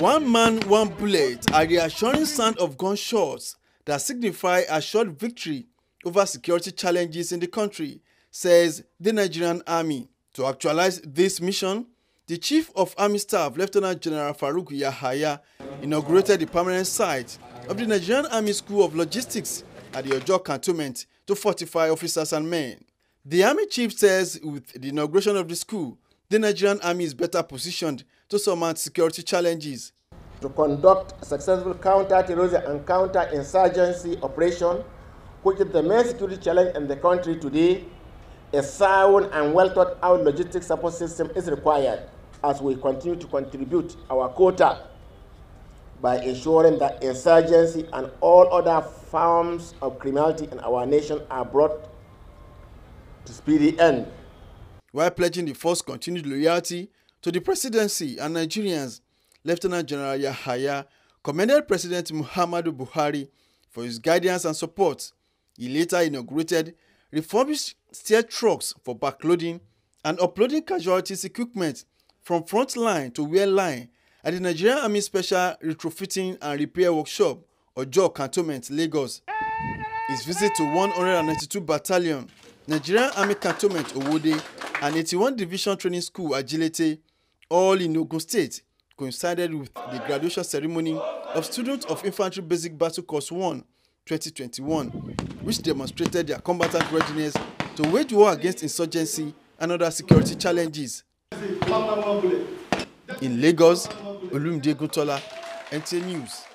One man, one bullet are the assuring sound of gunshots that signify assured victory over security challenges in the country, says the Nigerian Army. To actualize this mission, the Chief of Army Staff, Lieutenant General Farouk Yahaya, inaugurated the permanent site of the Nigerian Army School of Logistics at the Ojo cantonment to fortify officers and men. The Army Chief says with the inauguration of the school, the Nigerian army is better positioned to surmount security challenges. To conduct successful counter-terrorism and counter-insurgency operation, which is the main security challenge in the country today, a sound and well-thought-out logistic support system is required as we continue to contribute our quota by ensuring that insurgency and all other forms of criminality in our nation are brought to speedy end. while pledging the force continued loyalty to the presidency and Nigerians. Lieutenant General Yahaya commended President Muhammadu Buhari for his guidance and support. He later inaugurated refurbished steel trucks for backloading and uploading casualties equipment from front line to rear line at the Nigerian Army Special Retrofitting and Repair Workshop, Ojo Cantonment, Lagos. His visit to 192 Battalion, Nigerian Army Cantonment Owode and 81 Division Training School Agility, all in Ogun State, coincided with the graduation ceremony of students of Infantry Basic Battle Course 1 2021, which demonstrated their combatant readiness to wage war against insurgency and other security challenges. In Lagos, Olumide Gotola, NTA News.